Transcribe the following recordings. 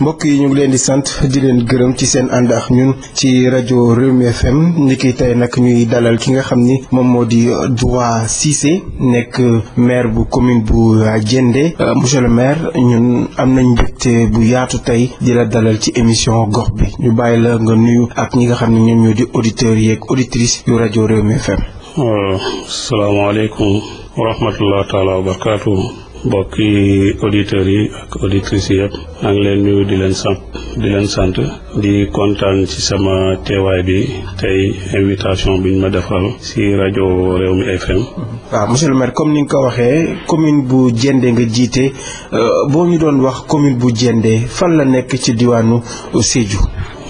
mbokk yi ñu ngi leen di sant di leen gërëm ci seen ànd ak ñun ci rajo Rewmi FM ni ki nag ñuy dalal ki nga xam ni moom moo di Doura Cissé nekk maire bu commune bu Diendé euh, monsieur le maire ñun am nañ mbégte bu yaatu tey di la dalal ci émission gox bi ñu bàyyi la nga nuyu ak ñi nga xam ne ñoom ñoo di auditeurs yeeg auditrices yu rajo Rewmi FM. Euh, salaamaaleykum wa rahmatulah taalaa wa barakaatu. mbokki auditeurs yi ak auditrices yi yëpp maa ngi leen nuyu di leen sant di leen sant di kontaan ci sama teewaay bi tey invitation bi ñu ma defal si rajo Rewmi FM. waaw monsieur le maire comme ni nga ko waxee commune bu Diendé nga jiite euh, boo ñu doon wax commune bu Diendé fan la nekk ci diwaanu Sédhiou.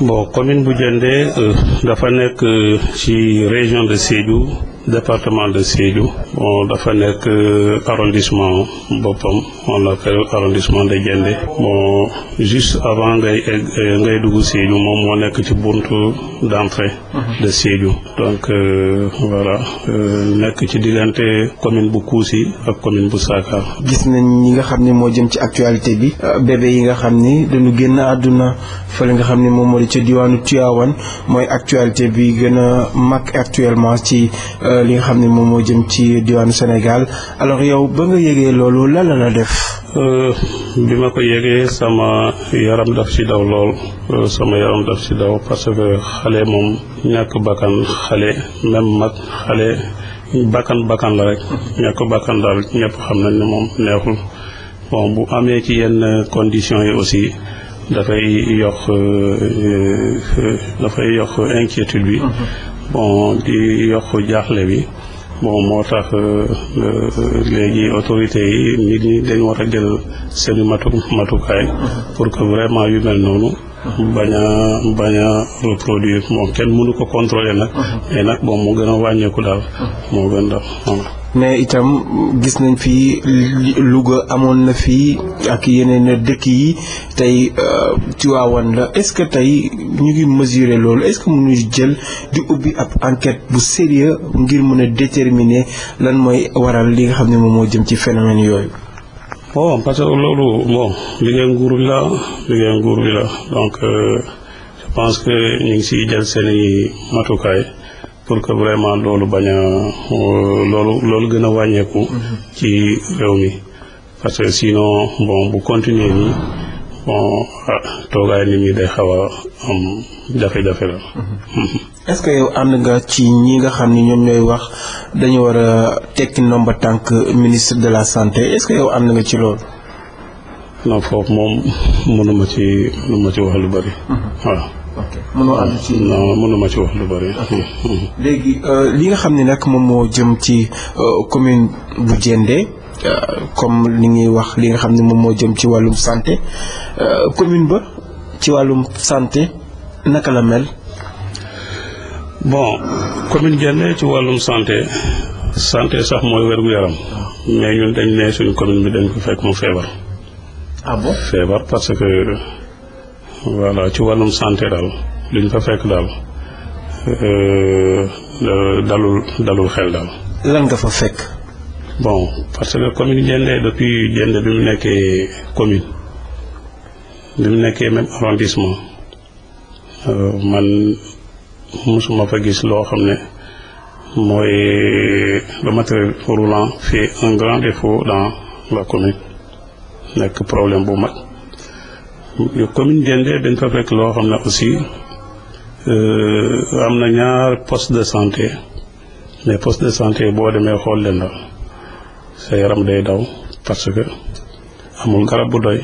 boo commune bu Diendé euh, dafa nekk euh, ci région de Sédhiou. département de Sédhiou bon dafa nekk euh, arrondissement boppam on l'appelle arrondissement de Diendé bon juste avant ngay egg euh, ngay dugg Sédhiou moom moo nekk ci buntu d'entrée de Sédhiou donc euh, voilà nekk ci diggante commune bu Kousi ak commune bu Sakar gis nañ ñi nga xam ni moo jëm ci actualité bi bébé yi nga xam ni dañu génn àdduna fële nga xam ne moom moo di ca diwaanu Tivaouane mooy actualité bi gën a mag actuellement ci li nga xam ne moom moo jëm ci diwaan Sénégal alors yow ba nga yëgee loolu lan la la def. Euh, bi ma ko yëgee sama yaram daf ci daw lool euh, sama yaram daf ci daw parce que xale moom ñàkk bakkan xale même mag xale bakkan bakkan la rek ñàkk bakkan daal ñëpp xam nañ ne moom neexul bon bu amee ci yenn conditions yi aussi dafay yokk euh, dafay yokk inquiétude bi. Mm-hmm. bon di yokk jaaxle bi bon moo tax euh, euh, léegi autorités yi nit ñi dañ war a jël seeni matu matukaay mhm. pour que vraiment yu mel noonu bañ a bañ a reproduire moom kenn mënu ko contrôler nag uh-huh. mais nag bon moo gën a wàññeeku daal uh-huh. moo gën daal mais itam gis nañ fi Louga amoon na fii ak yeneen dëkk yi tey euh, Tiwaawan la est-ce que tey ñu ngi mesurer loolu est-ce que jël di ubbi ak enquête bu sérieux ngir mën a déterminer lan mooy waral li nga xam ne moom moo jëm ci phénomène yooyu bon oh, parce que loolu bon liggéey nguur bi la liggéey nguur bi la donc euh, je pense que ñu ngi siy jël seen i matukaay pour que vraiment loolu bañ a euh, loolu loolu gën a wàññeeku ci réew mi parce que sinon bon bu continuer nii bon ah toogaay nit ñi day xaw a am jafe-jafe la mm-hmm. Mm-hmm. est-ce que yow ànd nga ci ñi nga xam ni ñoom ñooy wax dañu war a tekki nomba tànk ministre de la santé est-ce que yow ànd nga ci loolu. non foofu moom mënuma ci mënuma ci wax lu bari. Mhm. waaw. ok mënuma ci wax lu bari. Mhm. Mhm. léegi euh, li nga xam ni nag moom moo jëm ci euh, commune bu Diendé euh, comme li ñuy wax li nga xam ne moom moo jëm ci wàllum santé commune ba ci wàllum santé naka la mel. bon commune Diender ci wàllum santé sante sax mooy wér yaram mais ñun dañ ne suñu commune bi dañ ko fekk mu feebar. ah feebar parce que voilà ci wàllum santé daal luñ fa fekk daal euh, dalul dalul xel daal. lan nga fekk. bon parce que commune Diender depuis Diender bi mu nekkee commune bi mu nekkee même arrondissement euh, man. suma fa gis loo xam ne mooy le matériel roulant fait un grand défaut dans la commune nekk problème bu mag commune Diender dañ fa fekk loo xam ne aussi euh, am na ñaar poste de santé mais poste de santé boo demee xool leen la sa yaram day daw parce que amul garab bu doy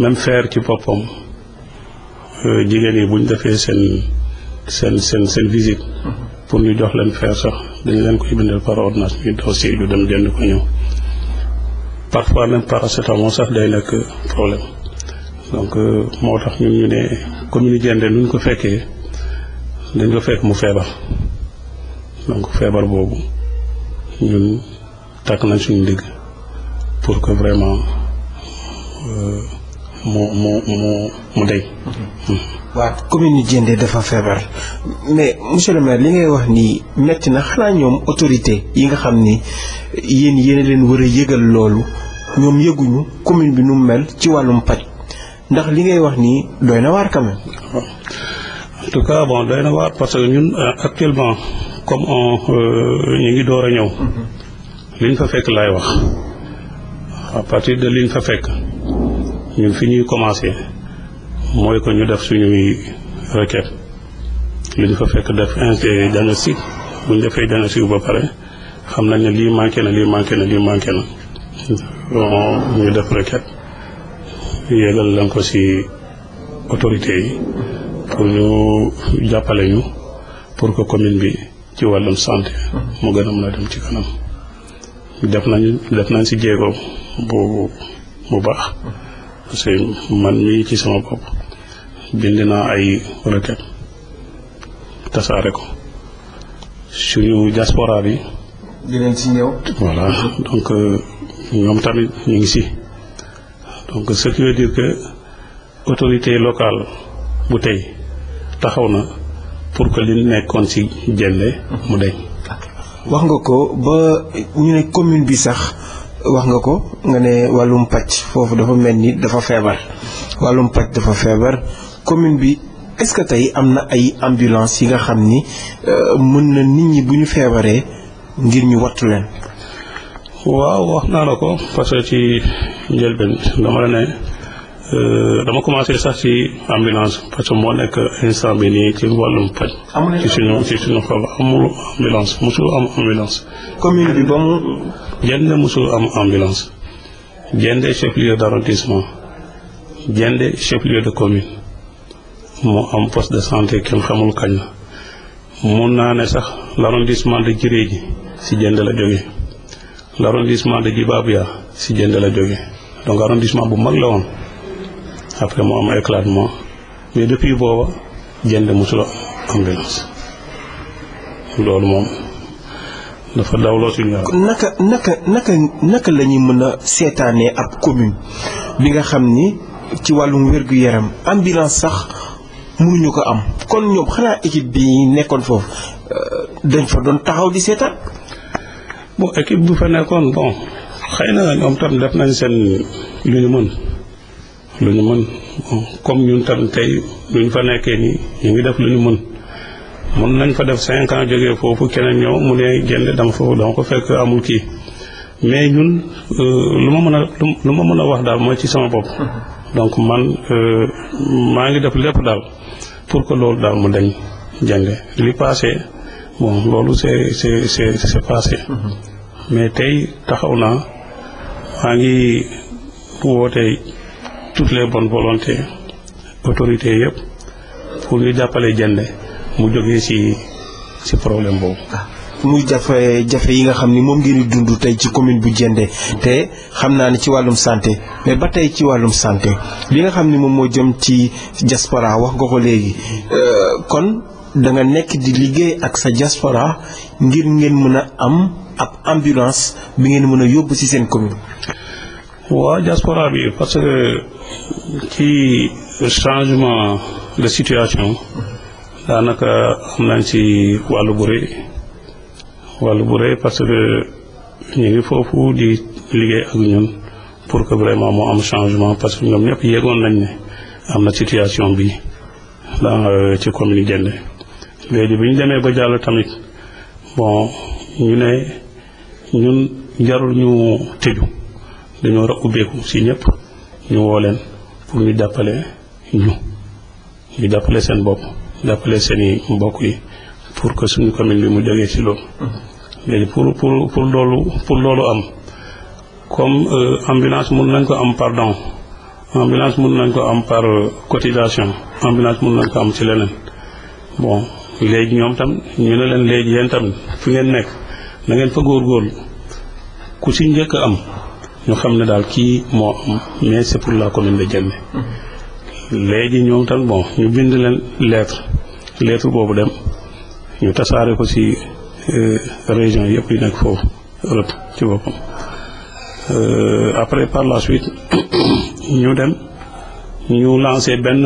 même fer ci boppam euh, jigéen yi buñ defee seen seen seen seen visite pour ñu jox leen feer sax dañ leen koy bindal par ordonnance ñu daw séeju dem jënd ko ñëw parfois même paracétamol sax day nekk problème donc euh, moo tax ñun ñu ne commune Diendé nuñ ko fekkee dañ ko fekk mu feebar donc feebar boobu ñun takk nañ suñu ndigg pour que vraiment euh, mu mu mu mu dey hmm. waa commune yu Diendé dafa feebar mais monsieur li ngay wax nii metti na xanaa ñoom autorité yi nga xam ni yéen yéen leen war a yëgal loolu ñoom yëguñu commune bi nu mu mel ci wàllum paj ndax li ngay wax nii doy na waar quand même. en tout bon doy na waar parce que ñun euh, actuellement comme on euh, ñu ngi door a ñëw. Mhm. liñ fa fekk laay wax à partir de liñ fa fekk ñun fi ñuy commencer. mooy ko ñu def suñuy requête lu ñu fa fekk def un diagnostic bu ñu defee diagnostic ba pare xam nañ ne lii manqué na lii manqué na lii manqué na bon ñu def requête yéegal lañ ko si autorité yi pour ñu jàppale ñu pour que commune bi ci wàllum santé mu gën a mën a dem ci kanam def nañ def nañ ci jéego bu bu baax parce que man mii ci sama bopp bind naa ay requête tasaare ko suñu diaspora bi. dinañ ci ñëw. voilà donc ñoom tamit ñu ngi si donc ce qui veut dire que autorité locale bu tey taxaw na pour que li nekkoon ci jëlle mu deñ wax nga ko ba ñu ne commune bi sax wax nga ko nga ne wàllum pàcc foofu dafa mel ni dafa feebar wàllum pàcc dafa feebar commune bi est-ce que tey am na ay ambulance yi nga xam ni euh, mën na nit ñi bu ñu feebaree ngir ñu wattu leen. waaw wax naa la ko parce que ci njëlbeen dama la ne euh, dama commencé sax ci ambulance parce que moo nekk instant bi nii ci wàllum paj ci suñu ci amul ambulance mosul am ambulance. commune bi ba mu. jënd mosul am ambulance. jënd chef lieu d' arrondissement jënd chef lieu de commune. mu am poste de santé kenn xamul kañ la mun naa ne sax l'arrondissement de Jiréji si jënd la jóge l'arrondissement de Djibabuya si jënd la jóge donc arrondissement bu mag la woon après mu am éclatement mais depuis booba jënd mosula ambulance loolu moom dafa dawloo suñu naka naka naka naka la ñuy mën a seetaanee ab commune bi nga xam ni ci wàllum wér-gu-yaram ambulance sax mënuñu ko am kon ñoom xanaa équipe bi nekkoon foofu euh, dañ fa doon taxaw di seetaan. bon équipe bu fa nekkoon bon xëy na ñoom tam def nañ seen lu ñu mën lu ñu mën comme ñun tam tey lu ñu fa nekkee nii ñu ngi def lu ñu mën. mën nañ fa def cinq ans jógee foofu keneen ñëw mu ne génn dama foofu dama ko fekk amul kii mais ñun euh, lu ma mën a lu ma mën a wax daal mooy ci sama bopp mm-hmm. donc man euh, maa ngi def lépp daal pour que loolu daal mu dañ jàng li passé moom loolu c'est c'est c'est c'est passé mhm. mais tey taxaw naa maa ngi woote toutes les bonnes volontés autorités yëpp pour ñu jàppale Diendé mu jógee ci ci problème boobu ah. mu jafe-jafe yi nga xam ni moom ngeen di dund tey ci commune bu Diendé te xam naa ne ci wàllum santé mais ba tey ci wàllum santé bi nga xam ni moom moo jëm ci diaspora wax nga ko léegi euh, kon da nga nekk di liggéey ak sa diaspora ngir ngeen mën a am ab ambulance bi ngeen mën a yóbbu ci seen commune. waaw diaspora bi parce que ci changement de situation daanaka am nañ si wàllu bu rëy wàllu bu rëy parce que ñu ngi foofu di liggéey ak ñun pour que vraiment moo am changement parce que ñoom ñëpp yéegoon nañ ne am na situation bi dans euh, ci commune Diender léegi bi ñu demee ba jàll tamit bon ñu ne ñun jarul ñu tëju dañoo war a ubbeeku si ñëpp ñu woo leen pour ñu dappale ñu ñu jàppale seen bopp dappale seen i mbokk yi pour que suñu commune bi mu jógee si loolu mm-hmm. léegi pour pour pour loolu pour loolu am comme euh, ambulance mun nañ ko am par don ambulance mun nañ ko am par euh, cotisation ambulance mun nañ ko am ci leneen bon léegi ñoom tam ñu ne leen léegi yéen tam fu ngeen nekk na ngeen fa góorgóorlu ku ci njëkk am ñu xam ne daal kii moo am mais pour la commune de Diender léegi ñoom tam bon ñu bind leen lettre lettre boobu dem ñu tasaare ko ci région yëpp yu nekk foofu Europe ci boppam euh, après par la suite ñu dem ñu lancé benn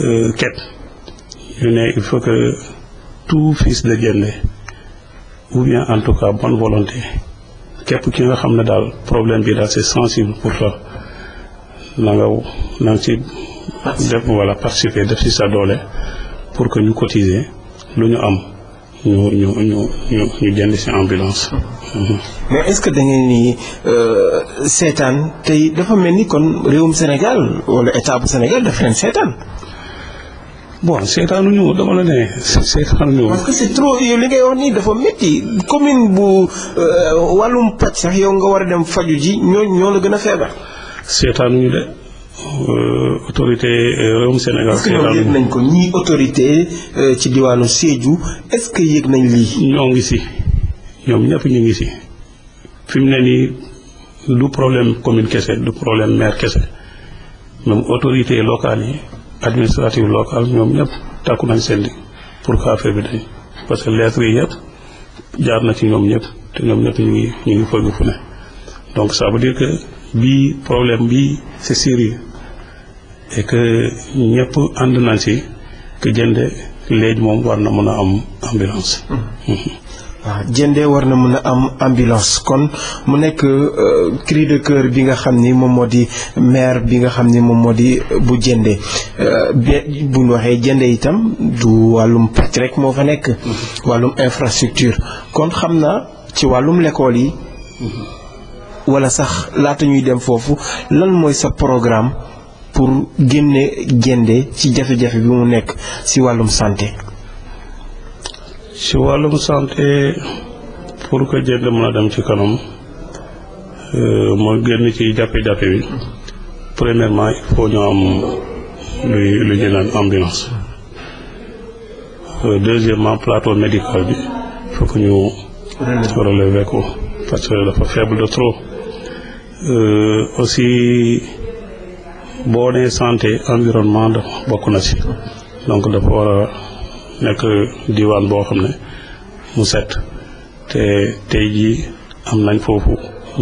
euh, quête ñu ne il faut que tout fils de Diendé ou bien en tout cas bonne volonté képp ki nga xam ne daal problème bi daal c'est sensible pour toi na nga ci def voilà participer def ci sa doole pour que ñu cotiser lu ñu am ñu ñu ñu ñu ñu jënd si ambulance. Mm-hmm. Mm-hmm. mais est-ce que da ngeen ni euh, seetaan tey dafa mel ni kon réewum Sénégal wala état bu Sénégal daf leen seetaan. bon seetaanuñu dama la ne seetaanuñu. parce que c'est trop yow li ngay wax nii dafa métti commune bu euh, wàllum paj sax yow nga war a dem faju ji ñoo ñoo la gën a feebar. seetaanuñu de. Euh, autorité euh, réewum Sénégal. nañ ko ñii autorité euh, ci diwaanu Sédhiou est-ce que yëg nañ lii. ñoo ngi si ñoom ñëpp ñu ngi si fi mu ne nii du problème commune kese du problème maire kese même autorité locale yi administrative locale ñoom ñëpp takku nañ seen pour que affaire bi dañ parce que lettres yi yëpp jaar na ci ñoom ñëpp te ñoom ñëpp ñu ngi ñu fu ne donc ça veut dire que. bii problème bi c'est sérieux et que ànd nañ si que Diendé léegi moom war na mën a am ambulance. waaw war na mën a am ambulance kon mu nekk euh, cri de cœur bi nga xam ni moom moo di maire bi nga xam ni moom moo di euh, bu jënde euh, bu ñu waxee Diendé itam du wàllum pàcc rek moo fa nekk. wàllum infrastructure kon xam naa ci wàllum lekkool yi. wala sax laata ñuy dem foofu lan mooy sa programme pour génne génne ci jafe-jafe bi mu nekk ci wàllum santé. ci wàllum santé pour que jënd mën a dem ci kanam euh, moo génn ci jafe-jafe bi premièrement il ñoo am luy lu ñu naan ambulance euh, deuxièmement plateau médical bi il faut que ñu relever ko parce dafa faible de trop Euh, aussi boo nee santé environnement dafa bokk na si donc dafa war a nekk diwaan boo xam ne mu set te tey jii am nañ foofu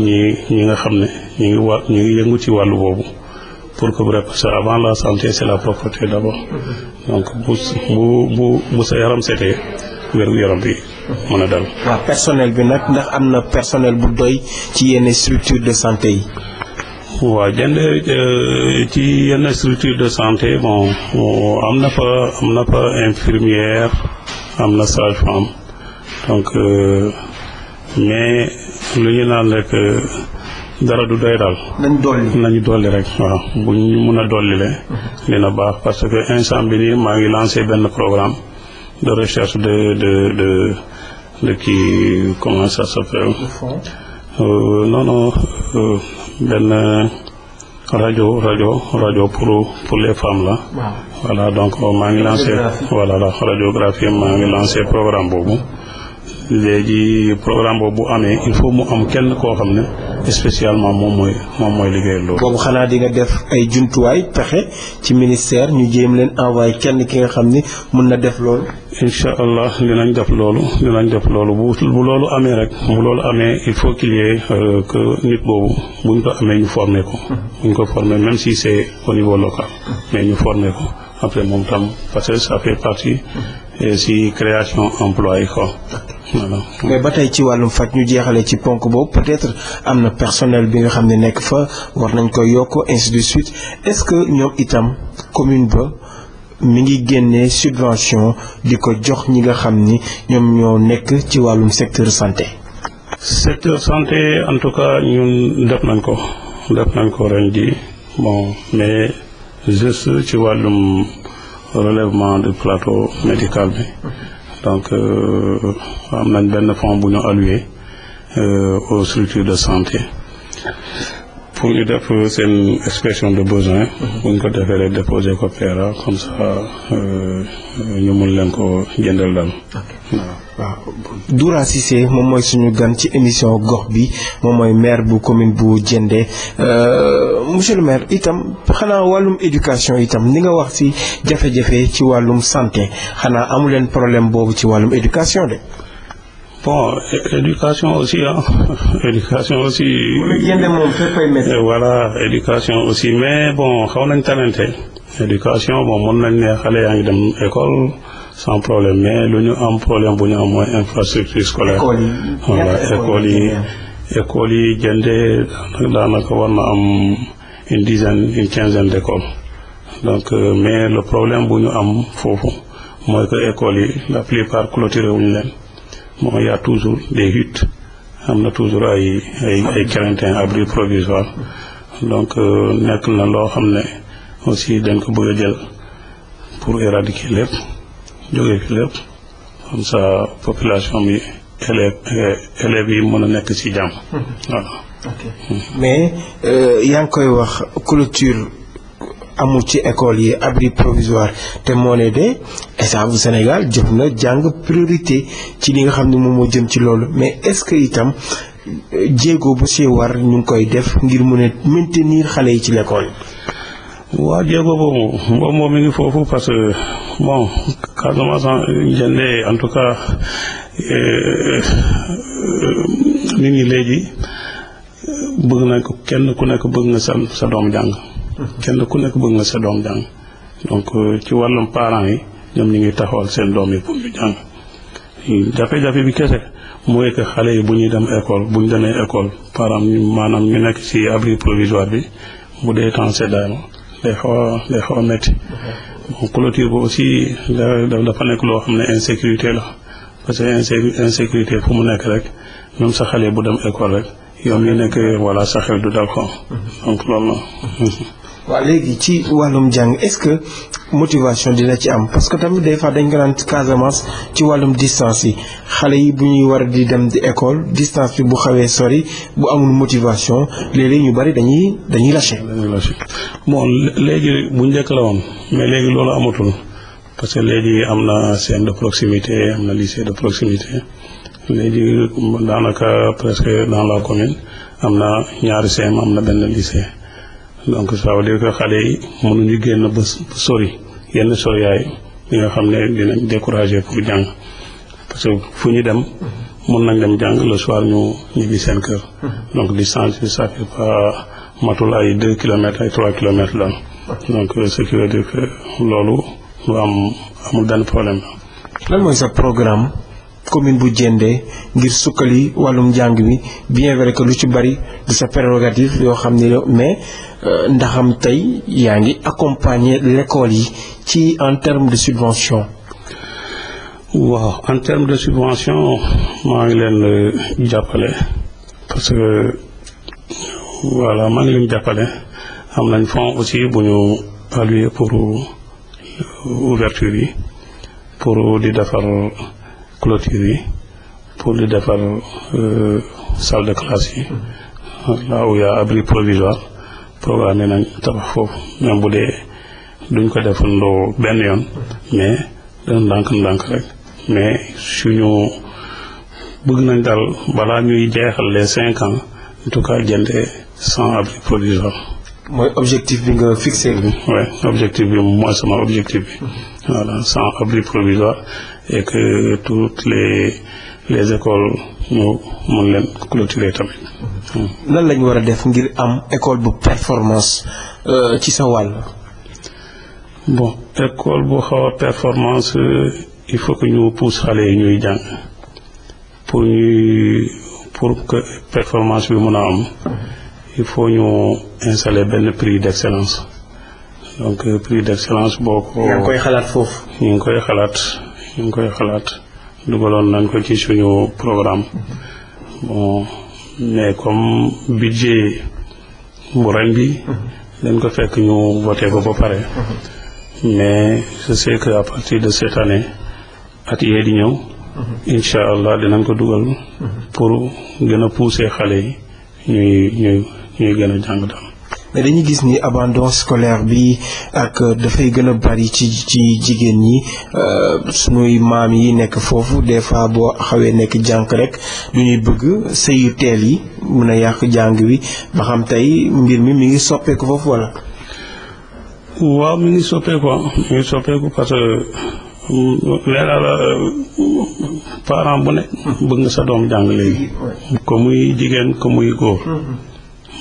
ñi ñi nga xam ne ñu ngi wa ñu ngi yëngu ci wàllu boobu pour que bref parce que avant la santé c'est la propreté d'abord mm-hmm. donc bu bu bu bu sa yaram setee wér yaram bi mën a dal. waaw personnel bi nag ndax am na personnel bu doy ci yenn structure de santé yi. waaw jënd euh, ci yenn structure de santé bon euh, am na fa am na fa infirmière am na sage-femme donc euh, mais lu ñu naan rek dara du doy daal. nañ dolli nañu dolli rek waaw bu ñu mun a dolli le dina baax parce que instant bi nii maa ngi lancé benn programme de recherche de de. le kii comment ça s'appelle euh, non non euh, benn rajo rajo rajo pour les femmes la. Ah. donc euh, maa ngi lancé. voilà la radiographie maa ngi lancé programme boobu. léegi programme boobu bu amee il faut mu am kenn koo xam ne. spécialement moom mooy moom mooy liggéeyal loolu. boobu xanaa di nga def ay jumtuwaay pexe ci ministère ñu jéem leen envoyé kenn ki nga xam ni mun na def loolu. incha allah dinañ def loolu dinañ def loolu bu bu loolu amee rek bu loolu amee il faut qu'il y ait euh, que nit boobu buñ ko amee ñu former ko. buñ ko former même si c'est au niveau local. mais ñu former ko après moom tam parce que ça fait partie. si création emploi yi quoi mais ba tey ci wàllum faj ñu jeexale ci ponk boobu peut-être am na personnel bi nga xam ne nekk fa war nañ ko yokk ainsi de suite est-ce que ñoom itam commune ba mi ngi génnee subvention di ko jox ñi nga xam ni ñoom ñoo nekk ci wàllum secteur santé. secteur santé en tout cas ñun def nañ ko def nañ ko ren mais juste ci wàllum. relèvement du plateau médical bi donc euh, am nañ benn fonds bu ñu alloué euh, au structures de santé pour ñu def euh, seen expression de besoin bu ñu ko defee rek déposer ko PRA comme ça ñu mun leen ko jëndal daal waaw waaw moom mooy suñu gan ci émission gox bi moom mooy maire bu commune bu Diendé euh, monsieur le maire itam xanaa wàllum éducation itam li nga wax ci jafe-jafe ci wàllum santé xanaa amu leen problème boobu ci wàllum éducation de. bon éducation aussi ah éducation aussi. Diendé moom euh, aussi mais bon xaw nañ talante éducation bon mën nañ ne xale yaa ngi dem école. sans problème mais lu ñu am problème bu ñu am mooy infrastructure scolaire voilà école yi école yi jënde daanaka war na am une dizaine une quinzaine d' écoles donc euh, mais le problème bu ñu am foofu mooy que écoles yi la plupart clôturé wuñu leen bon y' toujours des huttes am na toujours ay ay ay craintin abri provisoire donc euh, nekk na loo xam ne aussi dañ ko bëgg a jël pour éradiquer lépp jógee fi lépp comme ça population bi élève élèves yi mën a nekk ci jàmm mm-hmm. voilà mm-hmm. mais euh, yaa ngi koy wax clôture amul ci école yi abri provisoire te moo ne de état bu Sénégal jëf na jàng priorité ci li nga xam ne moom moo jëm ci loolu mais est-ce que itam euh, jéego bu see war ñu ngi koy def ngir mën a maintenir xale yi ci l'école waa jéego boobu boobu moom mi ngi foofu parce que bon Casamance Ndiéndé en tout cas mi euh, euh, ngi léegi bëgg nañ ko kenn ku nekk bëgg nga sa sa doom jàng. kenn ku nekk bëgg nga sa doom jàng donc euh, ci wàllum parent yi ñoom ñu ngi taxawal seen doom yi pour ñu jàng jafe-jafe bi kese mooy que xale yi bu ñuy dem école bu ñu demee école parents maanaam ñu nekk si abri provisoire bi mu dee temps seddaay ma day xaw a day xaw a métti aussi boobu dafa nekk loo xam ne insécurité la parce que insécurité fu mu nekk rek ñoom sa xale bu dem école rek yoon yi nekk voilà sa xel du dal ko mhm. donc loolu la mhm. waa léegi ci wàllum jàng est-ce que motivation dina ci am parce que tamit des fois dañ ko naan ci wàllum distance yi xale yi bu ñuy war di dem di école distance bi bu xawee sori bu amul motivation léeg ñu bari dañuy dañuy lâché. bon léegi bu njëkk la woon mais léegi loolu amatul parce que léegi am na CEM de proximité am na lycée de proximité léegi daanaka presque dans la commune am na ñaari CEM am na benn lycée. donc ça veut dire que xale yi mënuñu génn ba sori yenn soriyaay yi xam ne dinañ découragé pour jàng parce fu ñu dem mën nañ dem jàng le soir ñu ñibbi seen kër donc distance bi ça fait pas matul ay deux kilomètres ay trois kilomètres la donc ce qui veut dire que loolu lu am amul benn problème lan commune bu Diendé ngir sukkali wàllum njàng bi bien vrai que lu ci bari du sa prérogative yoo xam ni yow mais euh, ndaxam tey yaa ngi accompagner l'école yi ci en terme de subvention. waaw en terme de subvention maa ngi leen euh, jàppale parce que voilà maa ngi leen jàppale am nañ fonds aussi bu ñu alloué pour euh, ouverture yi pour di defar. clôture yi pour di defar euh, salle de classe yi mm-hmm. là où y abri provisoire programme nañ tabax foofu même bu dee duñ ko def defandoo benn yoon mm-hmm. mais dana ndank rek mais suñu bëgg nañ daal balaa ñuy jeexal les cinq ans en tout cas jënde sans abri provisoire mooy objectif bi nga fixé. oui objectif bi mooy sama objectif bi. Mm-hmm. voilà sans abri provisoire et que toutes les les écoles ñu mën leen clôturer tamit. Mm-hmm. lan la war a def ngir am école bu performance euh, ci sa wàll. bon école bu xaw a performance il faut que ñu pousse xale yi ñuy jàng pour ñuy pour que performance bi mën a am mm-hmm. il faut ñu installer benn prix d'excellence donc euh, prix d'excellence boo ko. yaa ngi koy xalaat foofu. ñu ngi koy xalaat. ñu ngi koy xalaat dugaloon nañ ko ci suñu programme bon mais comme budget bu ren bi dañ ko fekk ñu voté ko ba pare mais ce sais que à de cette année at yee di ñëw incha allah dinañ ko dugal pour gën a pousser xale yi ñuy ñuy ñuy gën a jàng daal dañuy gis ni abandon scolaire bi ak euh, dafay gën a bari ci ci jigéen ñi euh, suñuy maam yi nekk foofu des fois boo xawee nekk jànk rek du ñuy bëgg sëyu teel yi mën a yàq jàng wi ba xam tey mbir mi mi ngi soppeeku foofu wala. waaw mi ngi soppeeku ah. mi soppeeku parce que mm, léeg-léeg euh, parent bu nekk bëgg nga sa doom jàng léegi. ko muy jigéen ko muy góor. Mm-hmm.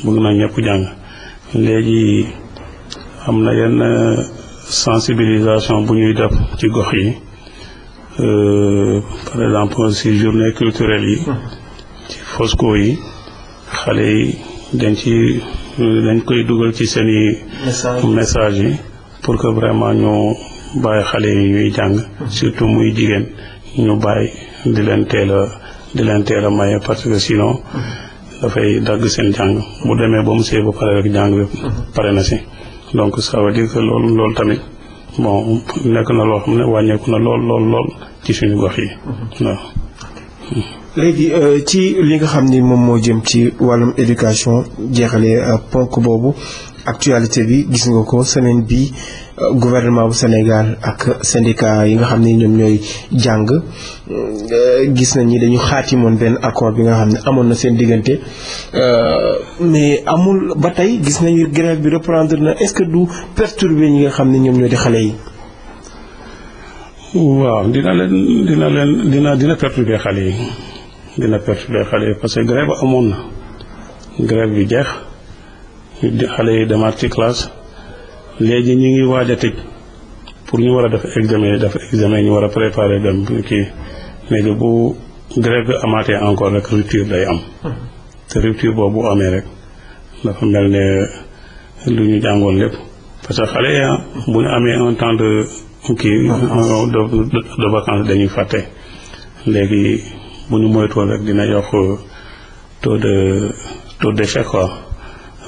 bëgg na ñëpp jàng. léegi am na yenn euh, sensibilisation bu ñuy def ci gox yi euh, par exemple si journée culturelle yi ci Fosco yi xale yi dañ ci dañ koy dugal ci seen i message yi pour que vraiment ñu bàyyi xale yi ñuy jàng surtout muy jigéen ñu bàyyi di leen teel a di leen teel a maye parce que sinon mm-hmm. dafay dagg seen jàng bu demee ba mu see ba pare rek jàng bi pare na si donc ça veut dire que loolu loolu tamit bon nekk na loo xam ne wàññeeku na lool lool lool ci suñu gox yi mhm. waaw léegi euh, ci li nga xam ni moom moo jëm ci wàllum éducation jeexalee euh, ponk boobu actualité bi gis nga ko semaine bi gouvernement bu Sénégal ak syndicat yi nga xam ne ñoom ñooy jàng euh, gis nañ ni dañu xaatimoon benn accord bi nga xam ne amoon na seen diggante euh, mais amul ba tey gis nañu grève bi reprendre na est-ce que du perturber ñi nga xam ne ñoom ñoo di xale yi. waaw dina leen dina leen dina dina perturber xale yi dina perturber xale yi parce que grève amoon na grève bi jeex xale yi demaat ci classe. léegi ñu ngi waaj a tëj pour ñu war a def examen def examen ñu war a préparer dem kii léegi bu grève amaatee encore rek rupture day am te rupture boobu amee rek dafa mel ne lu ñu jàngoon lépp parce que xale ya ah, bu ñu amee un temps de kii de dañuy fàtte léegi bu ñu moytuwoon rek dina yokk taux de taux d'échec quoi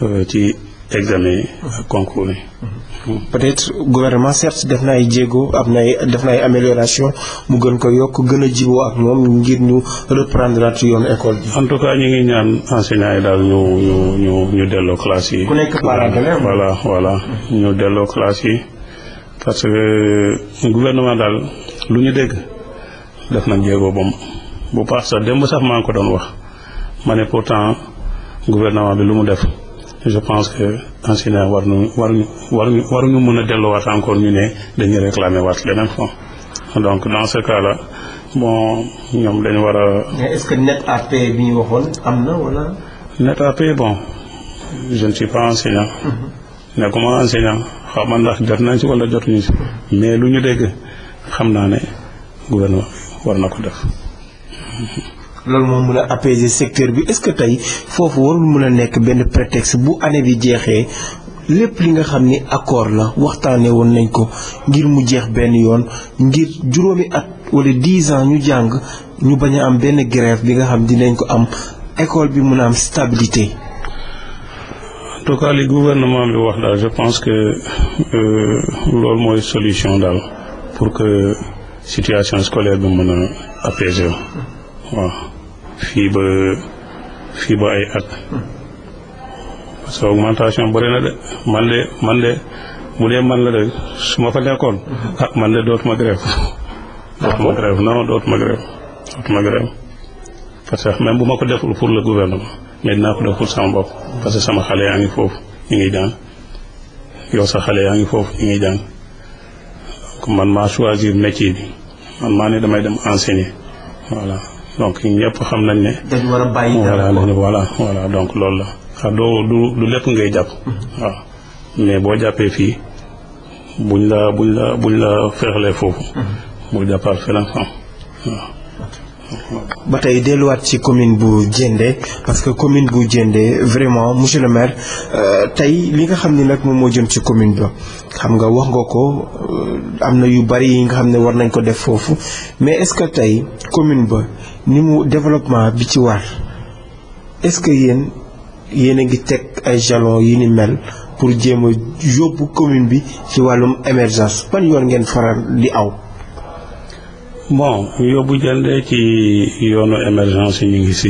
euh, ci examen yi euh, concours yi peut-être gouvernement certes def na ay jéego am na ay def na ay amélioration mu gën ko yokk gën a jiboo ak moom ngir ñu reprendre ci yoon école bi en tout cas ñu ngi ñaan enseignants yi daal ñu ñu ñu ñu delloo classe yi ku nekk parent voilà voilà ñu delloo classe yi parce que euh, gouvernement daal lu ñu dégg def na jéego bom bu baax sax démb sax maa ngi ko doon wax ma ne pourtant gouvernement bi lu mu def je pense que enseignant war nañu waruñu waruñu waruñu mën a delluwaat encore ñu ne dañuy réclamer waat leneen fond donc dans ce cas là bon ñoom dañu war a. mais net à bon je ne suis pas enseignant. Mm-hmm. nekkuma enseignant xaw ma ndax jot nañ ci wala jotuñu si. mais lu ñu dégg xam naa ne gouvernement war na ko def. loolu moom mën a apaiser secteur bi est-ce que tey foofu warul mën a nekk benn prétexte bu année bi jeexee lépp li nga xam ni accord la waxtaanee woon nañ ko ngir mu jeex benn yoon ngir juróomi at wala dix ans ñu jàng ñu bañ a am benn grève bi nga xam dinañ ko am école bi mën a am stabilité. en tout gouvernement bi wax daal je pense que euh, loolu mooy solution daal pour que situation scolaire bi mën a apaiser fii ba fii ba ay at parce que augmentation bëri na de man de man de bu dee man la de su ma fa nekkoon ah man de dootuma grève ah dootuma grève non dootuma grève dootuma grève bu ma ko deful pour la gouvernement mais dinaa ko def pour sama bopp parce que sama xale yaa ngi foofu ñu ngi jàng yow sa xale yaa ngi foofu ñu ngi jàng man maa choisir métier bi man maa ne damay dem enseigner voilà donc ñëpp xam nañ ne. dañ war voilà voilà donc loolu la xam doo du du lépp ngay jàpp. Mm-hmm. waaw mais boo jàppee fii buñ la buñ la buñ la fexlee foofu. Mm-hmm. boo jàppal feneen waaw. ba tey delluwaat ci commune bu Diendé parce que commune bu Diendé vraiment monsieur le maire euh, tey li nga xam ni nag moom moo jëm ci commune ba xam nga wax nga ko euh, am na yu bari yi nga xam ne war nañ ko def foofu mais est-ce que tey commune ba ni mu développement bi ci war est-ce que yéen yéen a ngi teg ay jalons yu ni mel pour jéem a yóbbu commune bi ci wàllum émergence ban yoon ngeen faral di aw. bon yóbbu jëndee ci yoonu émergence yi ñu ngi si.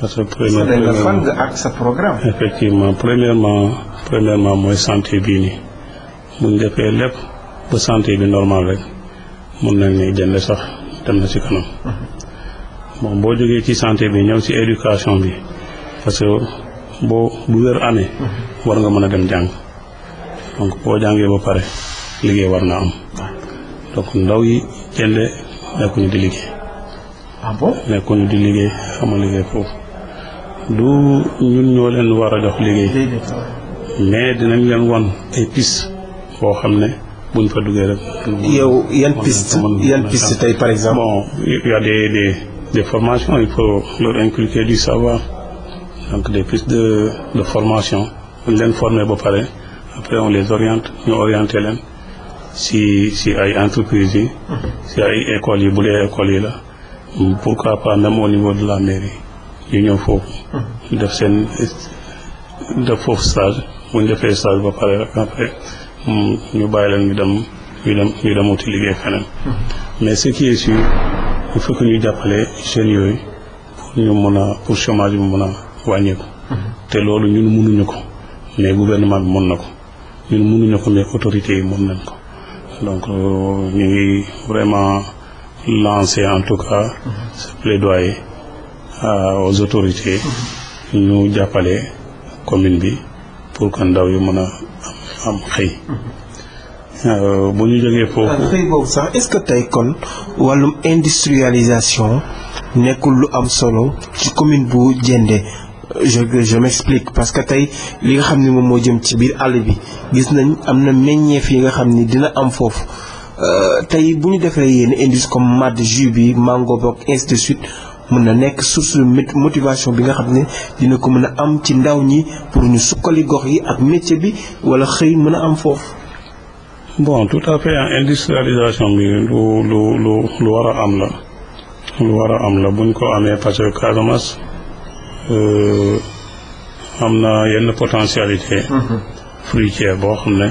parce que premièrement ak sa programme. effectivement premièrement premièrement mooy santé bii ni buñ defee lépp ba santé bi normal rek mun nañ ne jënd sax dem na si kanam. Mhm. bon boo jógee ci santé bi ñëw si éducation bi parce que boo bu wér amee. Mhm. war nga mën a dem jàng donc boo jàngee ba pare liggéey war na am. donc ndaw yi kenn de nekkuñu di liggéey. ah bon nekkuñu di liggéey xam nga liggéey foofu du ñun ñoo leen war a jox liggéey. mais dinañ leen won ay piste boo xam ne buñ fa duggee rek. yow yan piste yan piste par exemple. bon y des des des formations il faut leur inculquer du savoir donc des pistes de de formation. buñ leen former ba pare après on les oriente ñu orienté leen. si si ay entreprises yi si ay écoles yi bu dee écoles yi la pourquoi pas même au niveau de la mairie ñu ñëw foofu hmm. def seen def foofu stage bu ñu defee stage ba pare rek après ñu bàyyi leen ñu dem ñu dem ñu dem wuti liggéey feneen hmm. mais ñu jàppale yooyu pour ñu mën a pour chômage bi mën a wàññeeku hmm. te loolu ko mais gouvernement bi mën na ko ñun mënuñu ko mais autorités yi mën nañ ko donc euh, ñu ngi vraiment lancer en tout cas mhm. ce plaidoyer euh, aux autorités mhm. ñu jàppale commune bi pour que ndaw yu mën a am am xëy mhm. euh, bu ñu jógee foofu ah, xëy sax est-ce que tey kon wàllum industrialisation nekkul lu am solo ci commune bu Diendé je je m'explique parce que tey li nga xam ni moom moo jëm ci biir àll bi gis nañ am na meññeef yi nga xam ni dina am foofu euh, tey bu ñu defee yenn indice comme màdd jus bi mango boog ainsi mën na nekk source motivation bi nga xam ne dina ko mën a am ci ndaw ñi pour ñu sukkali gox yi ak métier bi wala xëy mën a am foofu. bon tout à fait industrialisation bi lu lu lu war a am la lu war a am la buñ ko amee parce que Euh, am na yenn potentialité mhm. fruitière boo xam ne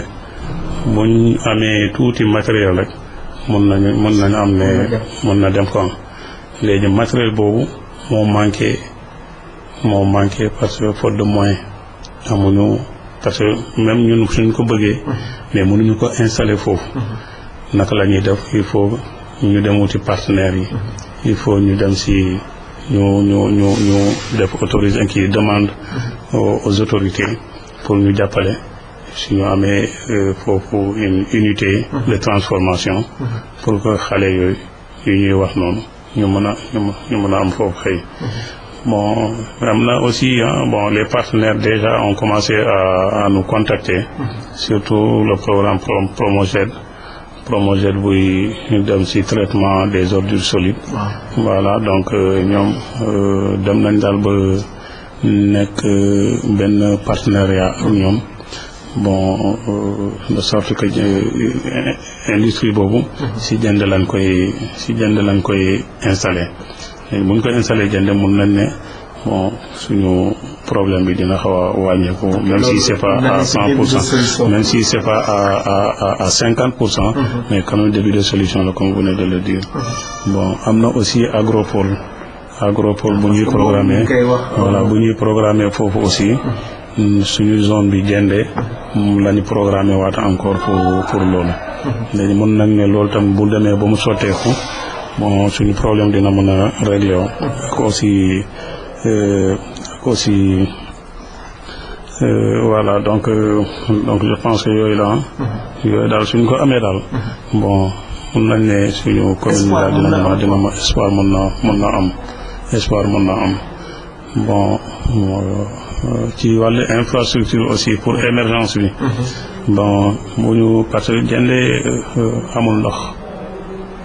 buñ amee tuuti matériel rek mun nañu mun nañu am ne mun na dem ko léegi matériel boobu moo manqué moo manqué parce que faute de moyen amuñu parce que même ñun suñ ko bëggee mhm. mais mënuñu ko installer foofu mhm. naka la ñuy def il faut ñu dem wuti partenaires yi il faut ñu dem si ñu ñu ñu ñu def autorise kii demande mhm. aux autorités pour ñu jàppale si ñu amee euh, foofu une unité mhm. de transformation mhm. pour que xale yooyu yu ñuy wax noonu ñu mën a ñu mën a am foofu xëy bon am na aussi bon les partenaires déjà ont commencé à, à nous contacter surtout le programme Promoged promogel buy dem si traitement des ordures solides voilà donc euh, ñoom euh, dem nañ daal ba nekk euh, benn partenariat ak ñoom bon de sorte que industrie boobu mhm. si jënd lañ koy si jënd lañ koy installé léegi bu jënd mun nañ ne bon suñu problème bi dina xawa a wàññeeku même si c'est pas à cent pour cent même si c'est pas à cinquante pour cent mhm. mais quand même de solution la comme vous venez de le dire mhm. bon am na aussi agropole agropole bu ñuy programmer voilà bu ñuy programmer foofu aussi mhm. mm, suñu zone bi jende la ñu programmé waat encore pour pour loolu léegi mën nag ne loolu tamit bu demee ba mu sotteeku bon suñu problème dina mën a réglé wu ak aussi euh, aussi euh, voilà donc euh, donc je pense que yooyu la mhm. yooyu daal suñ ko amee daal mhm. bon mun nañ ne suñu commune daal dina ma espoir mun na mun na am espoir mun na am bon euh, ci wàllu infrastructure aussi pour émergence bi mhm. bon bu ñu parce que jënde amul ndox